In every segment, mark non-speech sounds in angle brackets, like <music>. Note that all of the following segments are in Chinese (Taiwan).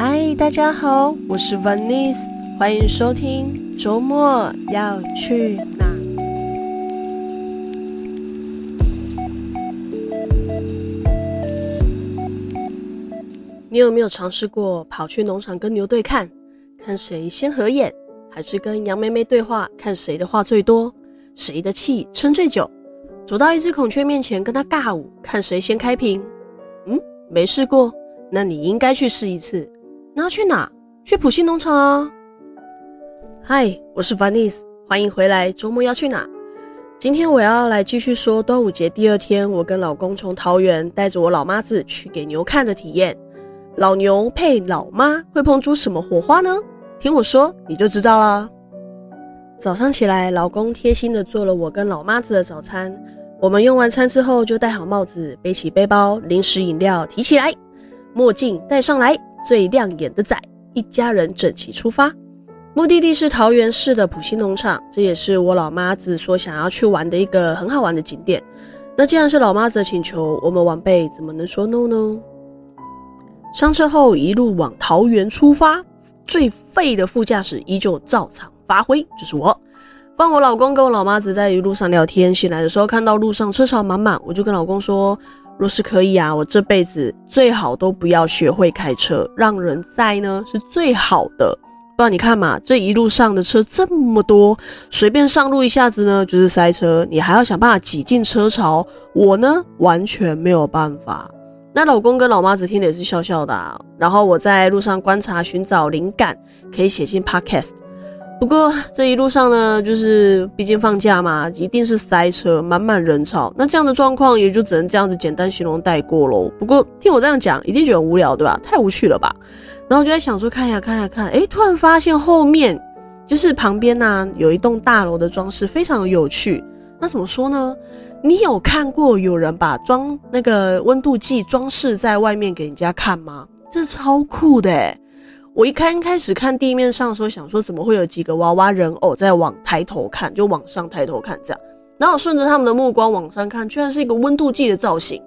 嗨，大家好，我是 Vanice，歡迎收聽週末要去哪？你有沒有嘗試過跑去農場跟牛對看，看誰先合眼？還是跟羊咩咩對話，看誰的話最多，誰的氣撐最久？走到一隻孔雀面前跟他尬舞，看誰先開屏？嗯，沒試過，那你應該去試一次。你要去哪？去埔心農場啊！嗨，我是 Vanice，歡迎回來。周末要去哪？今天我要來繼續說端午節第二天，我跟老公從桃園帶着我老媽子去給牛看的體驗。老牛配老媽，會碰出什麼火花呢？聽我說，你就知道了。早上起來，老公貼心的做了我跟老媽子的早餐。我們用完餐之後，就戴好帽子，背起背包，零食飲料提起來，墨鏡戴上來。最亮眼的仔，一家人整齊出發，目的地是桃園市的埔心農場，這也是我老媽子說想要去玩的一個很好玩的景點。那既然是老媽子的請求，我們晚輩怎麼能說 no 呢？上車後一路往桃園出發，最廢的副駕駛依舊照常發揮，就是我，幫我老公跟我老媽子在一路上聊天。醒來的時候看到路上車潮滿滿，我就跟老公說。若是可以啊，我這輩子最好都不要學會開車，讓人載呢，是最好的。不然你看嘛，這一路上的車這麼多，隨便上路一下子呢，就是塞車，你還要想辦法擠進車潮，我呢完全沒有辦法。那老公跟老媽子聽的也是笑笑的啊，然後我在路上觀察尋找靈感，可以寫進 Podcast。不過這一路上呢，就是畢竟放假嘛，一定是塞車，滿滿人潮。那這樣的狀況也就只能這樣子簡單形容帶過嘍。不過聽我這樣講，一定覺得很無聊，對吧？太無趣了吧？然後就在想說，看一下，看一下，看，誒，突然發現後面就是旁邊呢，有一棟大樓的裝飾非常有趣。那怎麼說呢？你有看過有人把裝那個溫度計裝飾在外面給人家看嗎？這超酷的，誒。我一開開始看地面上的時候，想說怎麼會有幾個娃娃人偶在往抬頭看，就往上抬頭看這樣。然後我順着他們的目光往上看，居然是一個溫度計的造型。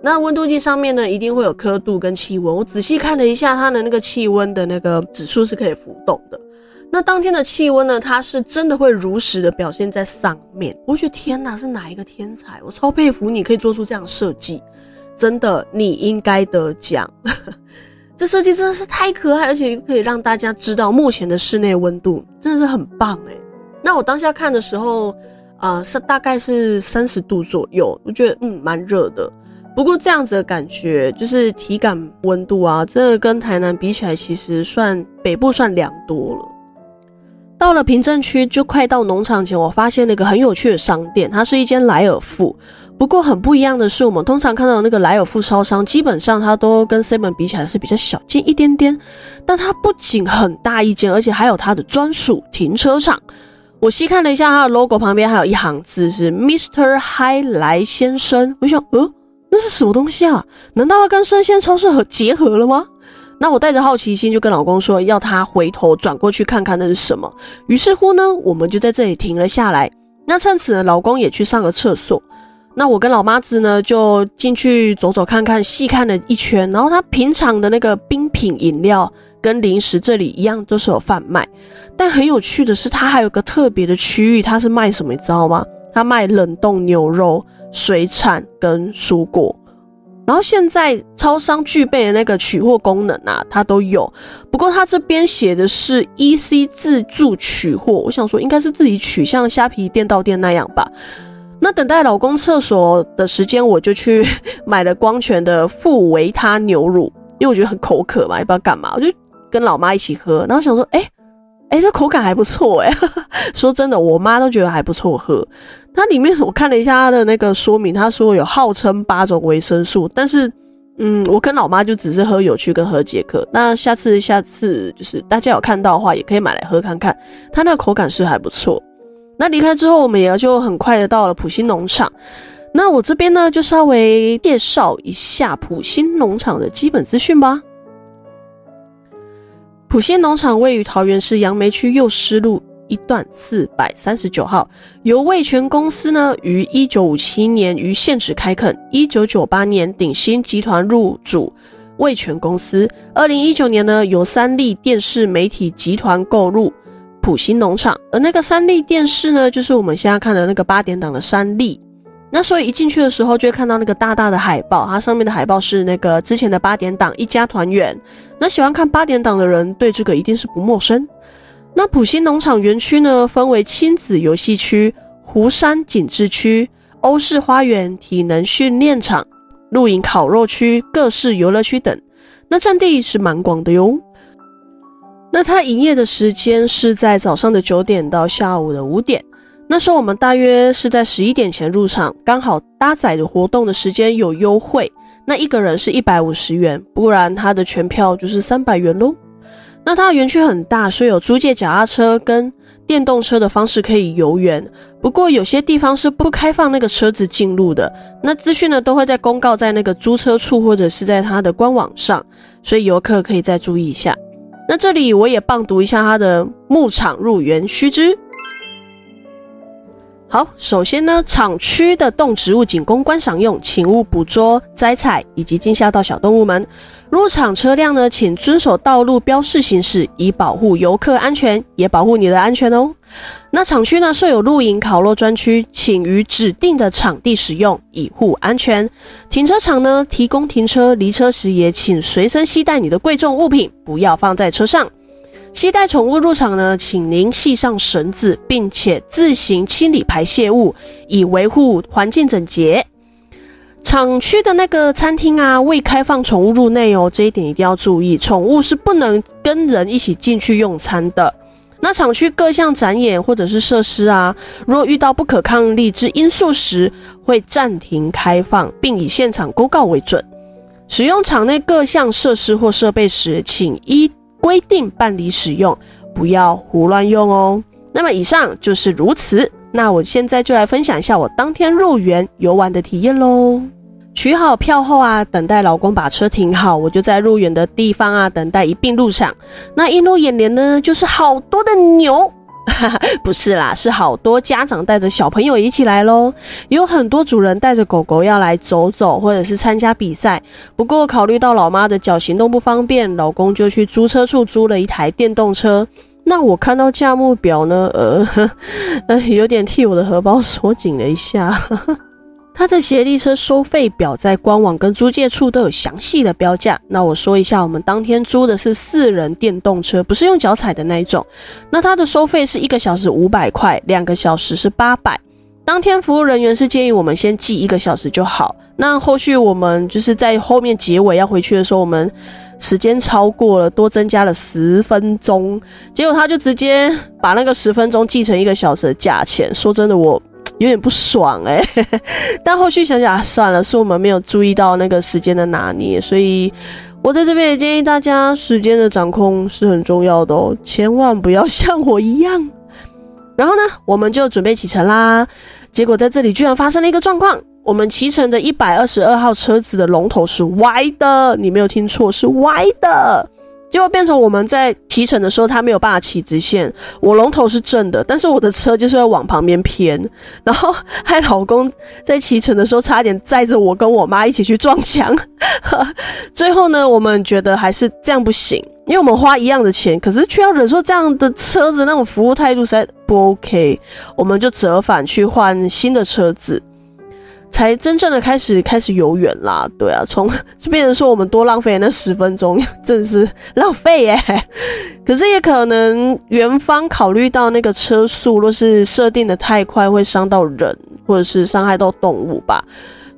那溫度計上面呢，一定會有刻度跟氣溫。我仔細看了一下，它的那個氣溫的那個指數是可以浮動的。那當天的氣溫呢，它是真的會如實的表現在上面。我覺得天哪！是哪一個天才？我超佩服你，可以做出這樣的設計，真的，你應該得獎。 <laughs> 這設計真的是太可愛，而且可以讓大家知道目前的室內溫度，真的是很棒哎。那我當下看的時候，呃，是大概是三十度左右，我覺得嗯，蠻熱的。不過這樣子的感覺就是體感溫度啊，這跟台南比起來，其實算北部算涼多了。到了平鎮區就快到農場前，我發現了一個很有趣的商店，它是一間萊爾富。不過很不一樣的是，我們通常看到的那個萊爾富超商，基本上它都跟 seven 比起來是比較小件一點點。但它不僅很大一間，而且還有它的專屬停車場。我細看了一下它的 logo 旁邊，還有一行字是 Mr. High 來先生。我想，呃、哦，那是什麼東西啊？難道要跟生鮮超市和結合了嗎？那我帶着好奇心就跟老公說，要他回頭轉過去看看那是什麼。於是乎呢，我們就在這裡停了下來。那趁此呢，老公也去上個廁所。那我跟老媽子呢，就進去走走看看，細看了一圈。然後他平常的那個冰品飲料跟零食這裡一樣，都是有販賣。但很有趣的是，他還有一個特別的區域，他是賣什麼，你知道嗎？他賣冷凍牛肉、水產跟蔬果。然後現在超商具備的那個取貨功能啊，他都有。不過他這邊寫的是 EC 自助取貨，我想說應該是自己取，像蝦皮店到店那樣吧。那等待老公廁所的時間，我就去買了光泉的富維他牛乳，因為我覺得很口渴嘛，也不知道幹嘛，我就跟老媽一起喝。然後想說，哎、欸，哎、欸，這口感還不錯哎、欸。 <laughs> 說真的，我媽都覺得還不錯喝。它裡面我看了一下它的那個說明，它說有號稱八種維生素，但是嗯，我跟老媽就只是喝有趣跟喝解渴。那下次下次就是大家有看到的話，也可以買來喝看看，它那個口感是還不錯。那離開之後，我們也就很快的到了埔心農場。那我這邊呢，就稍微介紹一下埔心農場的基本資訊吧。埔心農場位於桃園市楊梅區幼獅路一段四百三十九號，由味全公司呢於一九五七年於現址開墾，一九九八年鼎新集團入主味全公司，二零一九年呢由三立電視媒體集團購入。埔心農場，而那個三立電視呢，就是我們現在看的那個八點檔的三立。那所以一進去的時候，就會看到那個大大的海報，它上面的海報是那個之前的八點檔一家團圓。那喜歡看八點檔的人，對這個一定是不陌生。那埔心農場園區呢，分為親子遊戲區、湖山景致區、歐式花園、體能訓練場、露營烤肉區、各式遊樂區等。那佔地是蠻廣的喲。那它營業的時間是在早上的九點到下午的五點，那時候我們大約是在十一點前入場，剛好搭載的活動的時間有優惠，那一個人是一百五十元，不然它的全票就是三百元嘍。那它園區很大，所以有租借腳踏車跟電動車的方式可以遊園，不過有些地方是不開放那個車子進入的。那資訊呢，都會在公告在那個租車處或者是在它的官網上，所以遊客可以再注意一下。那這裡我也棒讀一下他的牧場入園須知。好，首先呢，場區的動植物僅供觀賞用，請勿捕捉、摘採以及驚嚇到小動物們。入場車輛呢，請遵守道路標示行駛，以保護遊客安全，也保護你的安全哦、喔。那場區呢設有露營、烤肉專區，請於指定的場地使用，以護安全。停車場呢提供停車，離車時也請隨身攜帶你的貴重物品，不要放在車上。攜帶寵物入場呢，請您繫上繩子，並且自行清理排泄物，以維護環境整潔。廠區的那個餐廳啊，未開放寵物入內哦，這一點一定要注意。寵物是不能跟人一起進去用餐的。那廠區各項展演或者是設施啊，若遇到不可抗力之因素時，會暫停開放，並以現場公告為準。使用場內各項設施或設備時，請一。規定辦理使用，不要胡亂用哦。那麼以上就是如此。那我現在就來分享一下我當天入園遊玩的體驗嘍。取好票後啊，等待老公把車停好，我就在入園的地方啊等待一並入場。那映入眼簾呢，就是好多的牛。哈哈，不是啦，是好多家長帶着小朋友一起來咯。有很多主人帶着狗狗要來走走，或者是參加比賽。不過考慮到老媽的腳行動不方便，老公就去租車處租了一台電動車。那我看到價目表呢，呃， <laughs> 有點替我的荷包鎖緊了一下。 <laughs> 它的協力車收費表在官網跟租借處都有詳細的標價。那我說一下，我們當天租的是四人電動車，不是用腳踩的那一種。那它的收費是一個小時五百塊，兩個小時是八百。當天服務人員是建議我們先計一個小時就好。那後續我們就是在後面結尾要回去的時候，我們時間超過了，多增加了十分鐘，結果他就直接把那個十分鐘計成一個小時的價錢。說真的，我。有點不爽哎，欸， <laughs> 但後續想想、啊，算了，是我們沒有注意到那個時間的拿捏，所以我在這邊也建議大家時間的掌控是很重要的哦，喔，千萬不要像我一樣。然後呢，我們就準備啟程啦，結果在這裡居然發生了一個狀況，我們騎乘的一百二十二號車子的龍頭是歪的，你沒有聽錯，是歪的。結果變成我們在騎乘的時候，他沒有辦法騎直線。我龍頭是正的，但是我的車就是會往旁邊偏，然後害老公在騎乘的時候差點載着我跟我媽一起去撞牆。 <laughs> 最後呢，我們覺得還是這樣不行，因為我們花一樣的錢，可是卻要忍受這樣的車子，那種服務態度實在不 OK。我們就折返去換新的車子。才真正的開始開始遊園啦，對啊，從就變成說我們多浪費那十分鐘，真是浪費耶、欸。可是也可能園方考慮到那個車速若是設定的太快，會傷到人或者是傷害到動物吧，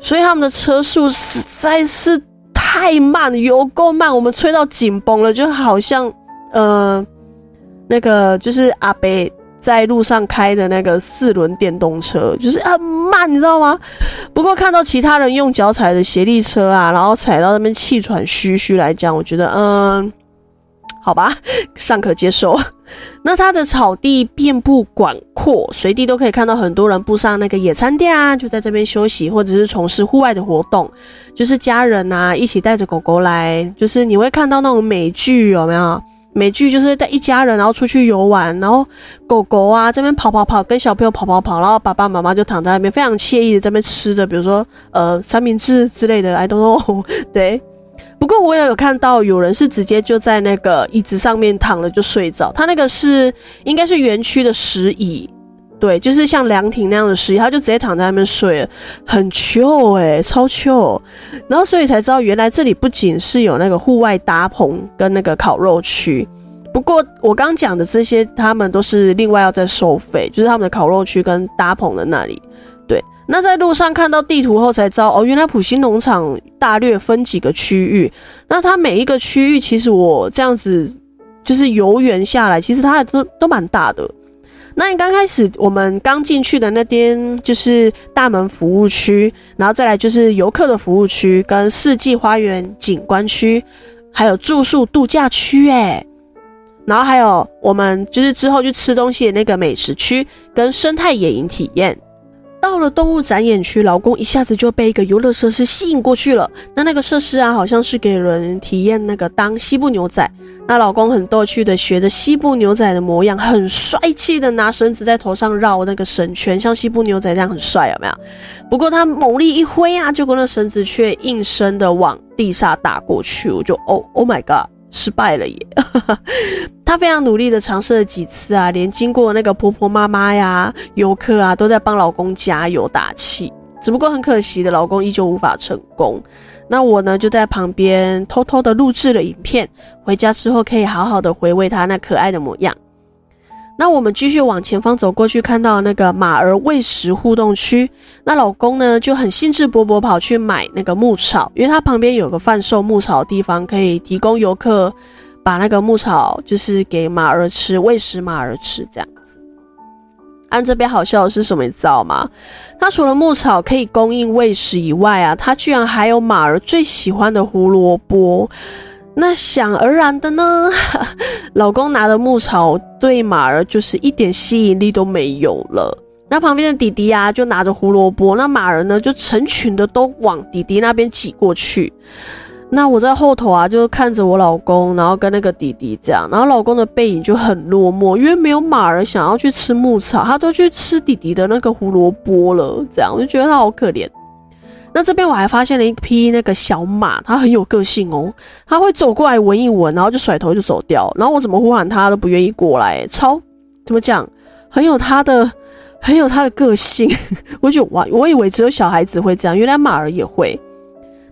所以他們的車速實在是太慢，游夠慢，我們吹到緊繃了，就好像呃那個就是阿伯，在路上開的那個四輪電動車，就是很慢，啊，你知道嗎？不過看到其他人用腳踩的協力車啊，然後踩到那邊氣喘吁吁來講，我覺得嗯，好吧，尚可接受。那它的草地遍佈廣闊，隨地都可以看到很多人布上那個野餐墊啊，就在這邊休息，或者是從事戶外的活動，就是家人吶、啊、一起帶着狗狗來，就是你會看到那種美劇有沒有？美劇就是帶一家人，然後出去遊玩，然後狗狗啊這邊跑跑跑，跟小朋友跑跑跑，然後爸爸媽媽就躺在那邊，非常愜意的在那邊吃着，比如說呃三明治之類的，I don't know。對，不過我也有看到有人是直接就在那個椅子上面躺着就睡着，他那個是應該是園區的石椅。對，就是像涼亭那樣的設計，他就直接躺在那邊睡了，很 chill 哎、欸，超 chill 然後所以才知道，原來這裡不僅是有那個戶外搭棚跟那個烤肉區。不過我剛講的這些，他們都是另外要再收費，就是他們的烤肉區跟搭棚的那裡。對，那在路上看到地圖後才知道，哦，原來埔心農場大略分幾個區域。那它每一個區域，其實我這樣子就是遊園下來，其實它都都蠻大的。那你剛開始，我們剛進去的那邊就是大門服務區，然後再來就是遊客的服務區跟四季花園景觀區，還有住宿度假區誒，然後還有我們就是之後去吃東西的那個美食區跟生態野營體驗。到了動物展演區，老公一下子就被一個遊樂設施吸引過去了。那那個設施啊，好像是給人體驗那個當西部牛仔。那老公很逗趣的學着西部牛仔的模樣，很帥氣的拿繩子在頭上繞那個繩圈，像西部牛仔這樣很帥，有沒有？不過他猛力一揮啊，結果那繩子卻應聲的往地下打過去，我就哦，oh，Oh my God！失敗了耶！他 <laughs> 非常努力的嘗試了幾次啊，連經過那個婆婆媽媽呀、遊客啊，都在幫老公加油打氣。只不過很可惜的，老公依舊無法成功。那我呢，就在旁邊偷偷的錄製了影片，回家之後可以好好的回味他那可愛的模樣。那我們繼續往前方走過去，看到那個馬兒餵食互動區。那老公呢，就很興致勃勃跑去買那個牧草，因為他旁邊有個販售牧草的地方，可以提供遊客把那個牧草就是給馬兒吃，餵食馬兒吃這樣子。安這邊好笑的是什麼，你知道嗎？它除了牧草可以供應餵食以外啊，它居然還有馬兒最喜歡的胡蘿蔔。那想而然的呢，哈， <laughs> 老公拿的牧草對馬兒就是一點吸引力都沒有了。那旁邊的弟弟啊就拿着胡蘿蔔，那馬兒呢就成群的都往弟弟那邊擠過去。那我在後頭啊，就看着我老公，然後跟那個弟弟這樣，然後老公的背影就很落寞，因為沒有馬兒想要去吃牧草，他都去吃弟弟的那個胡蘿蔔了，這樣我就覺得他好可憐。那這邊我還發現了一匹那個小馬。它很有個性哦，它會走過來聞一聞，然後就甩頭就走掉，然後我怎麼呼喚它都不願意過來欸，超怎麼講，很有它的很有它的個性， <laughs> 我就，我我以為只有小孩子會這樣，原來馬兒也會。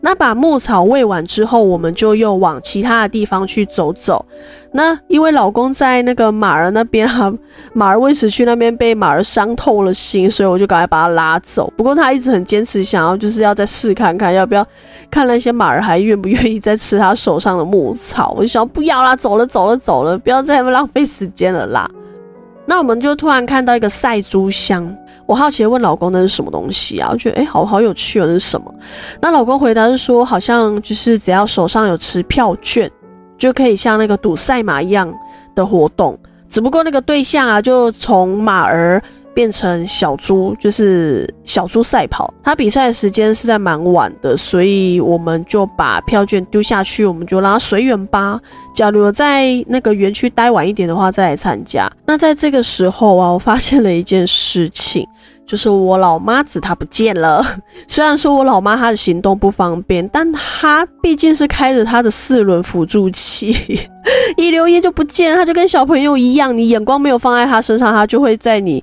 那把牧草餵完之後，我們就又往其他的地方去走走。那因為老公在那個馬兒那邊哈，馬兒餵食區那邊被馬兒傷透了心，所以我就趕快把他拉走。不過他一直很堅持，想要就是要再試看看，要不要看那些馬兒還願不願意再吃他手上的牧草。我就想不要啦，走了走了走了，不要再浪費時間了啦。那我們就突然看到一個賽豬箱。我好奇的問老公：“那是什麼東西啊？”我覺得，哎、欸，好好有趣哦，那是什麼？那老公回答是說：“好像就是只要手上有持票券，就可以像那個賭賽馬一樣的活動，只不過那個對象啊，就從馬兒。”變成小豬，就是小豬賽跑。它比賽的時間是在蠻晚的，所以我們就把票券丟下去，我們就讓它隨緣吧。假如在那個園區待晚一點的話，再來參加。那在這個時候啊，我發現了一件事情，就是我老媽子她不見了。雖然說我老媽她的行動不方便，但她畢竟是開着她的四輪輔助器， <laughs> 一溜煙就不見，她就跟小朋友一樣，你眼光沒有放在她身上，她就會在你。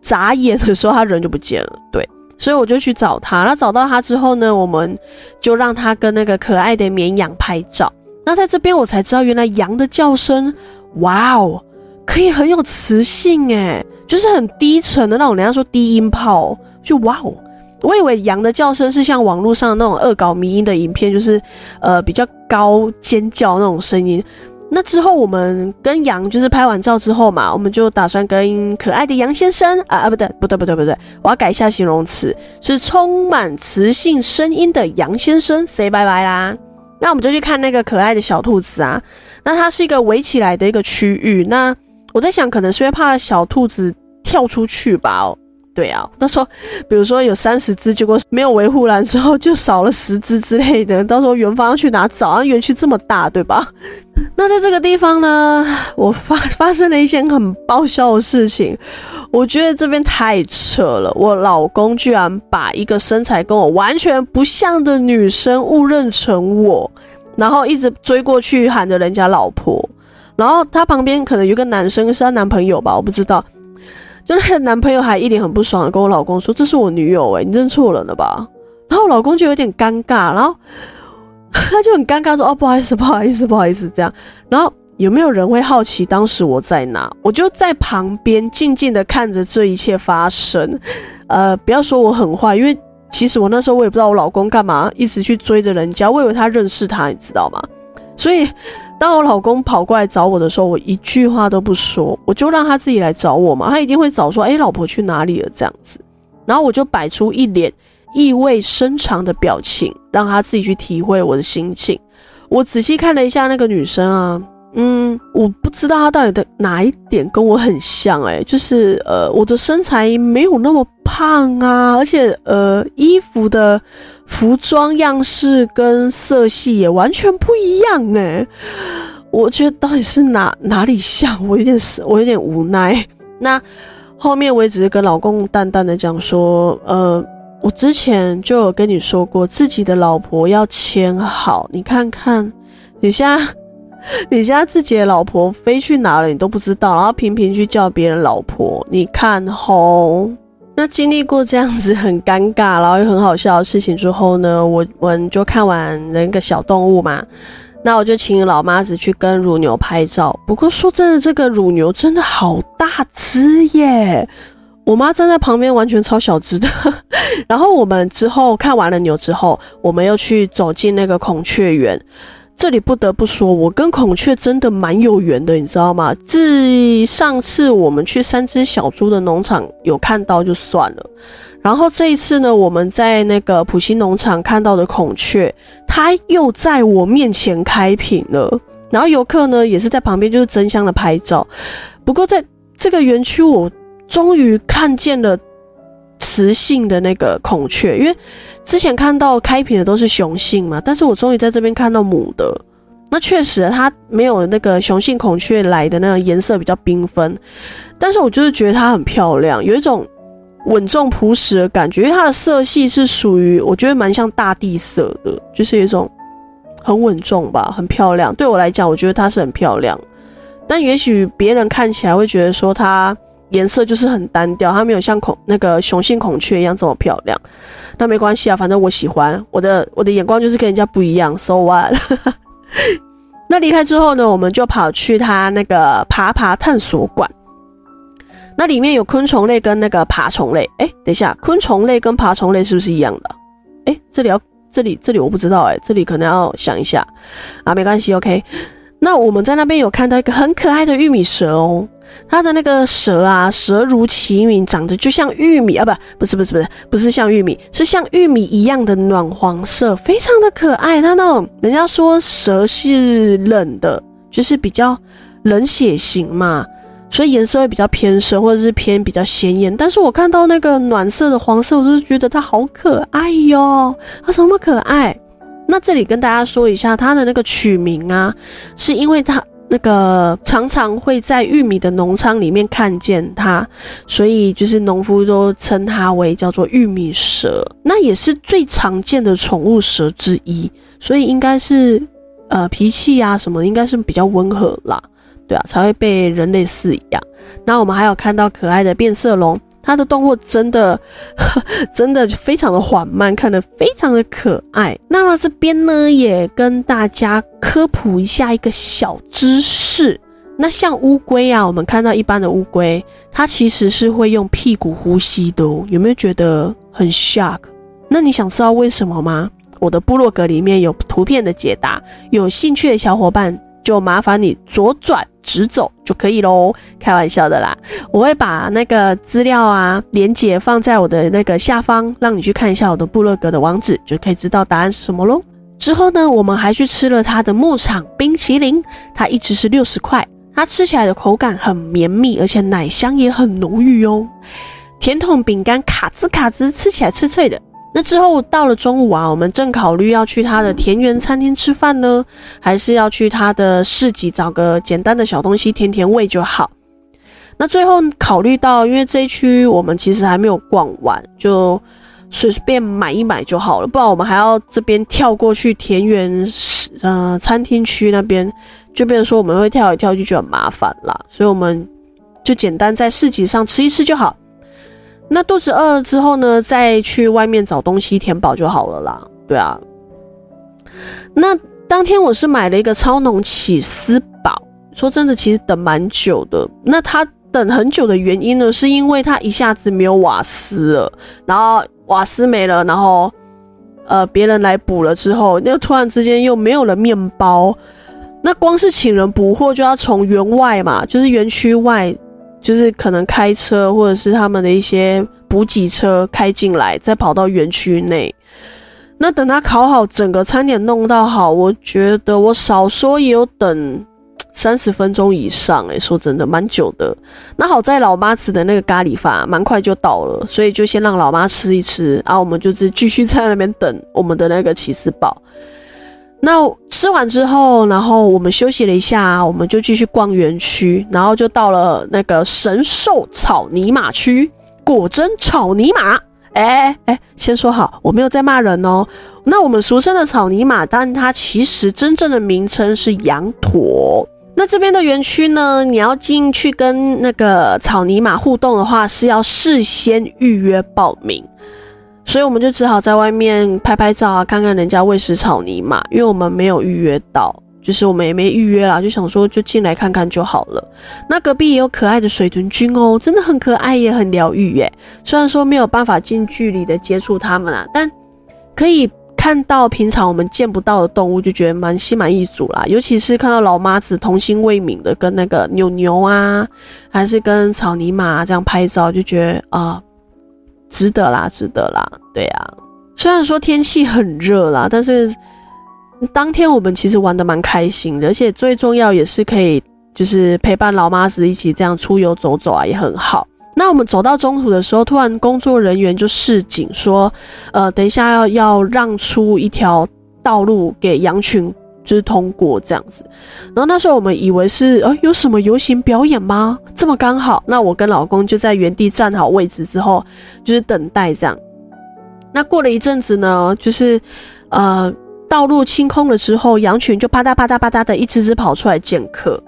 眨眼的時候，他人就不見了。對，所以我就去找他。那找到他之後呢，我們就讓他跟那個可愛的綿羊拍照。那在這邊我才知道，原來羊的叫聲，哇哦，可以很有磁性誒，就是很低沉的，那種人家說低音炮，就哇哦。我以為羊的叫聲是像網絡上那種惡搞迷因的影片，就是，呃，比較高尖叫那種聲音。那之後，我們跟羊就是拍完照之後嘛，我們就打算跟可愛的羊先生啊啊，不對不對不對不對，我要改一下形容詞，是充滿磁性聲音的羊先生 say 拜拜啦。那我們就去看那個可愛的小兔子啊，那它是一個圍起來的一個區域。那我在想，可能是會怕小兔子跳出去吧。哦。對啊，到時候比如說有三十隻，結果沒有維護欄之後就少了十隻之類的，到時候園方要去哪找？啊，園區這麼大，對吧？那在這個地方呢，我發發生了一件很爆笑的事情。我覺得這邊太扯了，我老公居然把一個身材跟我完全不像的女生誤認成我，然後一直追過去喊着人家老婆，然後他旁邊可能有個男生是他男朋友吧，我不知道。就那個男朋友還一臉很不爽的跟我老公說：“這是我女友，誒，你認錯人了吧？”然後我老公就有點尷尬，然後他就很尷尬說：“哦，不好意思，不好意思，不好意思，這樣。”然後有沒有人會好奇當時我在哪？我就在旁邊靜靜的看着這一切發生。呃，不要說我很壞，因為其實我那時候我也不知道我老公幹嘛一直去追着人家，我以為他認識他，你知道嗎？所以。當我老公跑過來找我的時候，我一句話都不說，我就讓他自己來找我嘛。他一定會找說：“哎、欸，老婆去哪裡了？”這樣子，然後我就擺出一臉意味深長的表情，讓他自己去體會我的心情。我仔細看了一下那個女生啊。嗯，我不知道他到底的哪一點跟我很像誒、欸，就是呃，我的身材沒有那麼胖啊，而且呃，衣服的服裝樣式跟色系也完全不一樣誒、欸、我覺得到底是哪哪裡像，我有點我有點無奈。那後面我也只是跟老公淡淡的講說，呃，我之前就有跟你說過，自己的老婆要牽好，你看看你現在。 <laughs> 你家自己的老婆飛去哪了，你都不知道，然後頻頻去叫別人老婆，你看吼。那經歷過這樣子很尷尬，然後又很好笑的事情之後呢，我我們就看完那個小動物嘛。那我就請老媽子去跟乳牛拍照。不過說真的，這個乳牛真的好大隻耶，我媽站在旁邊完全超小隻的。 <laughs> 然後我們之後看完了牛之後，我們又去走進那個孔雀園。這裡不得不說，我跟孔雀真的蠻有緣的，你知道嗎？自上次我們去三只小豬的農場有看到就算了，然後這一次呢，我們在那個埔心農場看到的孔雀，它又在我面前開屏了，然後遊客呢也是在旁邊就是爭相的拍照。不過在這個園區，我終於看見了。雌性的那個孔雀，因為之前看到開屏的都是雄性嘛，但是我終於在這邊看到母的。那確實它沒有那個雄性孔雀來的那個顏色比較繽紛，但是我就是覺得它很漂亮，有一種穩重樸實的感覺。因為它的色系是屬於我覺得蠻像大地色的，就是一種很穩重吧，很漂亮。對我來講，我覺得它是很漂亮，但也許別人看起來會覺得說它。顏色就是很單調，它沒有像孔那個雄性孔雀一樣這麼漂亮。那沒關係啊，反正我喜歡我的我的眼光就是跟人家不一樣。so what，哈哈 <laughs> 那離開之後呢，我們就跑去它那個爬爬探索館。那裡面有昆蟲類跟那個爬蟲類。哎，等一下，昆蟲類跟爬蟲類是不是一樣的？哎，這裡要這裡這裡我不知道哎、欸，這裡可能要想一下啊，沒關係，OK。那我們在那邊有看到一個很可愛的玉米蛇哦，它的那個蛇啊，蛇如其名，長得就像玉米啊，不，不，不，不是，不是，不是，不是像玉米，是像玉米一樣的暖黃色，非常的可愛。它那種，人家說蛇是冷的，就是比較冷血型嘛，所以顏色會比較偏深或者是偏比較鮮豔。但是我看到那個暖色的黃色，我就是覺得它好可愛喲，它什麼可愛？那這裡跟大家說一下它的那個取名啊，是因為它那個常常會在玉米的農場裡面看見它，所以就是農夫都稱它為叫做玉米蛇。那也是最常見的寵物蛇之一，所以應該是，呃，脾氣啊什麼應該是比較溫和啦，對啊，才會被人類飼養。那我們還有看到可愛的變色龍。它的動作真的呵，真的非常的緩慢，看得非常的可愛。那麼這邊呢，也跟大家科普一下一個小知識。那像烏龜啊，我們看到一般的烏龜，它其實是會用屁股呼吸的哦，有沒有覺得很 shock？那你想知道為什麼嗎？我的部落格裡面有圖片的解答，有興趣的小伙伴。就麻煩你左轉直走就可以嘍，開玩笑的啦。我會把那個資料啊鏈接放在我的那個下方，讓你去看一下我的部落格的網址，就可以知道答案是什麼嘍。之後呢，我們還去吃了他的牧場冰淇淋，它一直是六十塊，它吃起來的口感很綿密，而且奶香也很濃郁喲、哦。甜筒餅乾卡茲卡茲，吃起來脆脆的。那之後到了中午啊，我們正考慮要去他的田園餐廳吃飯呢，還是要去他的市集找個簡單的小東西填填胃就好。那最後考慮到，因為這一區我們其實還沒有逛完，就隨便買一買就好了，不然我們還要這邊跳過去田園市呃餐廳區那邊，就變成說我們會跳一跳就覺得很麻煩啦，所以我們就簡單在市集上吃一吃就好。那肚子餓了之後呢，再去外面找東西填飽就好了啦。對啊，那當天我是買了一個超濃起司堡。說真的，其實等蠻久的。那他等很久的原因呢，是因為他一下子沒有瓦斯了，然後瓦斯沒了，然後呃別人來補了之後，那突然之間又沒有了麵包。那光是請人補貨就要從園外嘛，就是園區外。就是可能開車，或者是他們的一些補給車開進來，再跑到園區內。那等他烤好，整個餐點弄到好，我覺得我少說也有等三十分鐘以上，欸，哎，說真的蠻久的。那好在老媽子的那個咖喱飯蠻快就到了，所以就先讓老媽吃一吃，然、啊、後我們就是繼續在那邊等我們的那個起司堡。那吃完之後，然後我們休息了一下，我們就繼續逛園區，然後就到了那個神獸草泥馬區。果真草泥馬，誒，誒，先說好，我沒有在罵人哦。那我們俗稱的草泥馬，但它其實真正的名稱是羊駝。那這邊的園區呢，你要進去跟那個草泥馬互動的話，是要事先預約報名。所以我們就只好在外面拍拍照啊，看看人家餵食草泥馬，因為我們沒有預約到，就是我們也沒預約啦，就想說就進來看看就好了。那隔壁也有可愛的水豚君哦，真的很可愛，也很療癒耶。雖然說沒有辦法近距離的接觸它們啊，但可以看到平常我們見不到的動物，就覺得蠻心滿意足啦。尤其是看到老媽子童心未泯的跟那個牛牛啊，還是跟草泥馬啊，這樣拍照，就覺得啊。呃值得啦，值得啦，對啊，雖然說天氣很熱啦，但是當天我們其實玩得蠻開心的，而且最重要也是可以就是陪伴老媽子一起這樣出遊走走啊，也很好。那我們走到中途的時候，突然工作人員就示警說：“呃，等一下要要讓出一條道路給羊群。”就是通過這樣子，然後那時候我們以為是，呃，有什麼遊行表演嗎？這麼剛好，那我跟老公就在原地站好位置之後，就是等待這樣。那過了一陣子呢，就是，呃，道路清空了之後，羊群就啪嗒啪嗒啪嗒的一只只跑出來見客。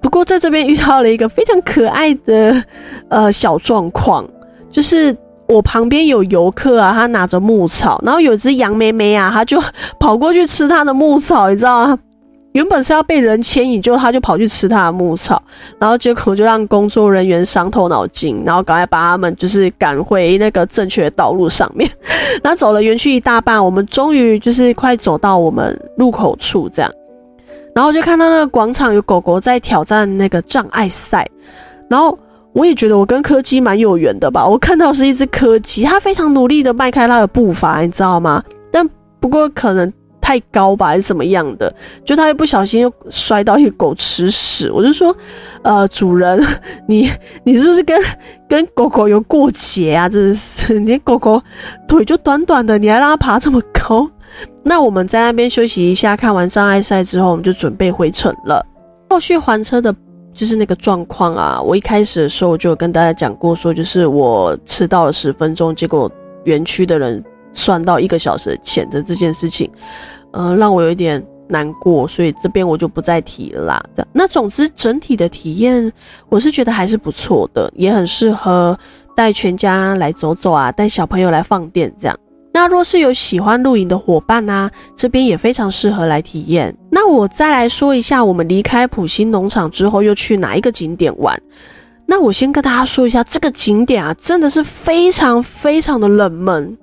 不過在這邊遇到了一個非常可愛的，呃，小狀況，就是。我旁邊有遊客啊，他拿着牧草，然後有只羊妹妹啊，他就跑過去吃他的牧草，你知道嗎？原本是要被人牽引，就他就跑去吃他的牧草，然後結果就讓工作人員傷透腦筋，然後趕快把他們就是趕回那個正確的道路上面。然 <laughs> 後走了園區一大半，我們終於就是快走到我們入口處這樣，然後就看到那個廣場有狗狗在挑戰那個障礙賽，然後。我也覺得我跟柯基蠻有緣的吧，我看到是一隻柯基，它非常努力的邁開它的步伐，你知道嗎？但不過可能太高吧，還是怎麼樣的，就它一不小心又摔到一個狗吃屎。我就說，呃，主人，你你是不是跟跟狗狗有過節啊？真的是，你的狗狗腿就短短的，你還讓它爬這麼高？那我們在那邊休息一下，看完障礙賽之後，我們就準備回城了。後續還車的。就是那個狀況啊，我一開始的時候就有跟大家講過，說就是我遲到了十分鐘，結果園區的人算到一個小時錢的這件事情，呃，讓我有一點難過，所以這邊我就不再提了啦。那總之整體的體驗，我是覺得還是不錯的，也很適合帶全家來走走啊，帶小朋友來放電這樣。那若是有喜歡露營的夥伴啊，這邊也非常適合來體驗。那我再來說一下，我們離開埔心農場之後又去哪一個景點玩？那我先跟大家說一下，這個景點啊，真的是非常非常的冷門。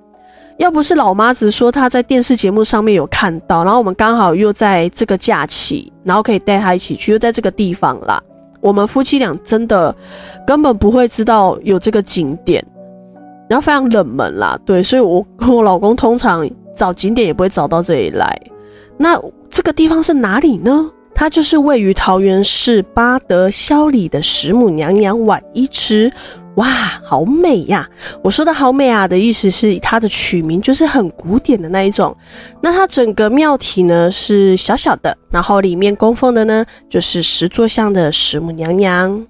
要不是老媽子說她在電視節目上面有看到，然後我們剛好又在這個假期，然後可以帶她一起去，又在這個地方啦。我們夫妻倆真的根本不會知道有這個景點。然後非常冷門啦，對，所以我跟我老公通常找景點也不會找到這裡來。那這個地方是哪裡呢？它就是位於桃園市八德霄里的石母娘娘浣衣池。哇，好美呀、啊！我說的好美啊的意思是它的取名就是很古典的那一種。那它整個廟體呢是小小的，然後裡面供奉的呢就是石座像的石母娘娘。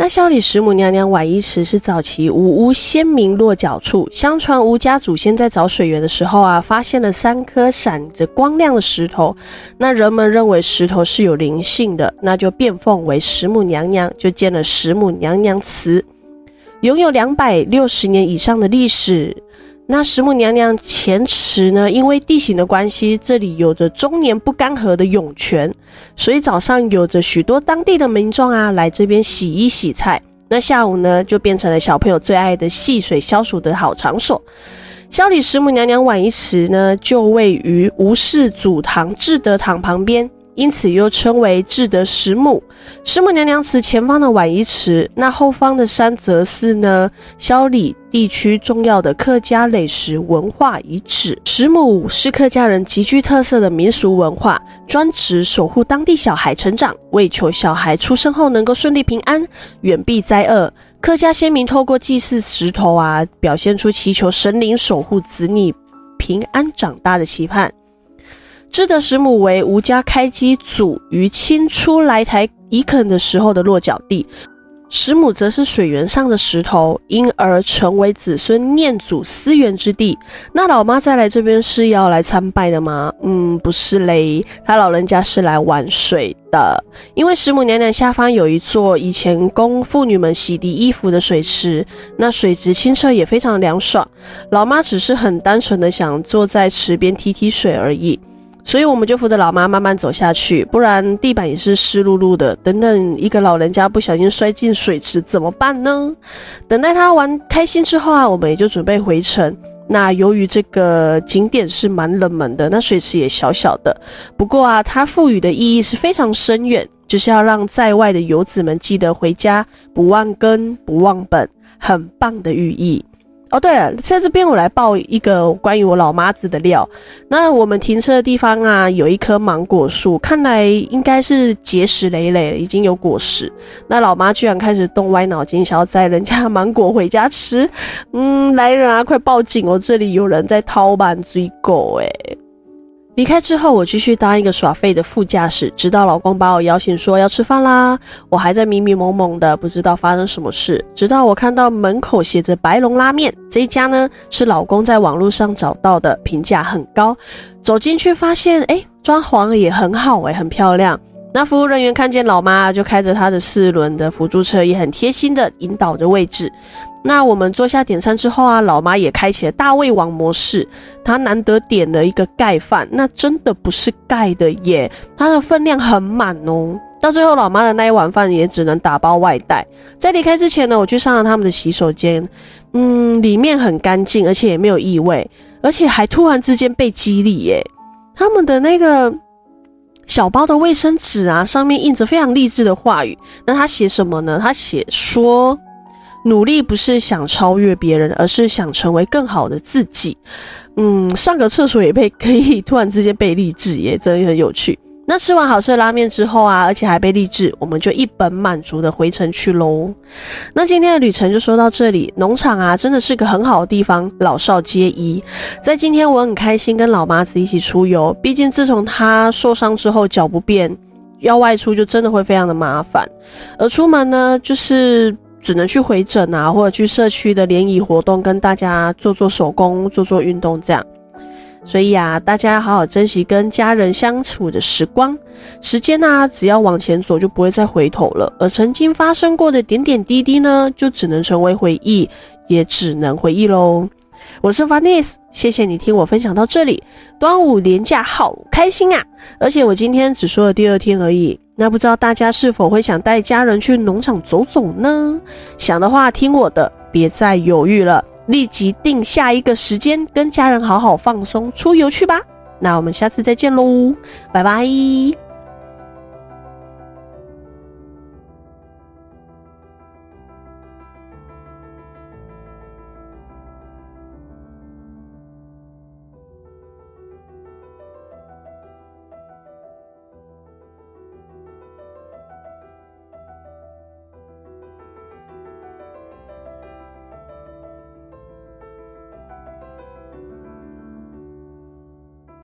那霄裡石母娘娘浣衣池是早期吳屋先民落腳處。相傳吳家祖先在找水源的時候啊，發現了三顆閃着光亮的石頭。那人們認為石頭是有靈性的，那就變奉為石母娘娘，就建了石母娘娘祠，擁有兩百六十年以上的歷史。那石母娘娘前池呢，因為地形的關係，這裡有着終年不乾涸的湧泉，所以早上有着許多當地的民眾啊來這邊洗衣洗菜。那下午呢，就變成了小朋友最愛的戲水消暑的好場所。霄裡石母娘娘浣衣池呢，就位於吳氏祖堂至德堂旁邊。因此又稱為“智德石母”石母娘娘祠前方的浣衣池，那後方的山則是呢，霄裡地區重要的客家壘石文化遺址。石母是客家人極具特色的民俗文化，專職守護當地小孩成長，為求小孩出生後能夠順利平安，遠避災厄。客家先民透過祭祀石頭啊，表現出祈求神靈守護子女平安長大的期盼。知得石母為吳家開基祖於清初來台移墾的時候的落腳地，石母則是水源上的石頭，因而成為子孫念祖思源之地。那老媽再來這邊是要來參拜的嗎？嗯，不是嘞，她老人家是來玩水的。因為石母娘娘下方有一座以前供婦女們洗滌衣服的水池，那水質清澈也非常涼爽。老媽只是很單純的想坐在池邊踢踢水而已。所以我們就扶着老媽慢慢走下去，不然地板也是濕漉漉的。等等，一個老人家不小心摔進水池怎麼辦呢？等待他玩開心之後啊，我們也就準備回程。那由於這個景點是蠻冷門的，那水池也小小的。不過啊，它賦予的意義是非常深遠，就是要讓在外的遊子們記得回家，不忘根，不忘本，很棒的寓意。哦，對了，在這邊我來爆一個關於我老媽子的料。那我們停車的地方啊，有一棵芒果樹，看來應該是結實累累，已經有果實。那老媽居然開始動歪腦筋，想要摘人家芒果回家吃。嗯，來人啊，快報警哦，我這裡有人在偷板追狗，哎。離開之後，我繼續當一個耍廢的副駕駛，直到老公把我搖醒，說要吃飯啦。我還在迷迷濛濛的，不知道發生什麼事。直到我看到門口寫着“白龍拉麵”這一家呢，是老公在網絡上找到的，評價很高。走進去發現，誒、欸，裝潢也很好、欸，誒，很漂亮。那服務人員看見老媽，就開着她的四輪的輔助車，也很貼心的引導着位置。那我們坐下點餐之後啊，老媽也開啟了大胃王模式，她難得點了一個蓋飯，那真的不是蓋的耶，它的分量很滿哦。到最後，老媽的那一碗飯也只能打包外帶。在離開之前呢，我去上了他們的洗手間，嗯，裡面很乾淨，而且也沒有異味，而且還突然之間被激勵耶，他們的那個小包的衛生紙啊，上面印着非常勵志的話語。那他寫什麼呢？他寫說。努力不是想超越別人，而是想成為更好的自己。嗯，上個廁所也被可以突然之間被勵志耶，也真的很有趣。那吃完好吃的拉麵之後啊，而且還被勵志，我們就一本滿足的回城去嘍。那今天的旅程就說到這裡，農場啊真的是個很好的地方，老少皆宜。在今天我很開心跟老媽子一起出遊，畢竟自從她受傷之後腳不便，要外出就真的會非常的麻煩。而出門呢就是。只能去回診啊，或者去社區的聯誼活動，跟大家做做手工、做做運動這樣。所以啊，大家要好好珍惜跟家人相處的時光。時間啊，只要往前走，就不會再回頭了。而曾經發生過的點點滴滴呢，就只能成為回憶，也只能回憶嘍。我是 Vanice，謝謝你聽我分享到這裡。端午連假好開心啊！而且我今天只說了第二天而已。那不知道大家是否會想帶家人去農場走走呢？想的話，聽我的，別再猶豫了，立即定下一個時間，跟家人好好放鬆出遊去吧！那我們下次再見嘍，拜拜！